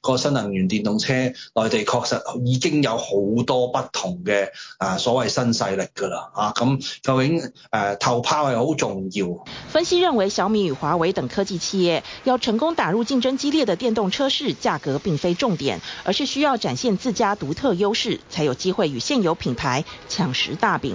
個新能源電動車，內地確實已經有好多不同嘅啊，所謂新勢力㗎啦啊！咁究竟誒頭炮係好重要？分析認為，小米與華為等科技企業要成功打入競爭激烈的電動車市，價格並非重點，而是需要展現自家獨特優勢，才有機會與現有品牌搶食大餅。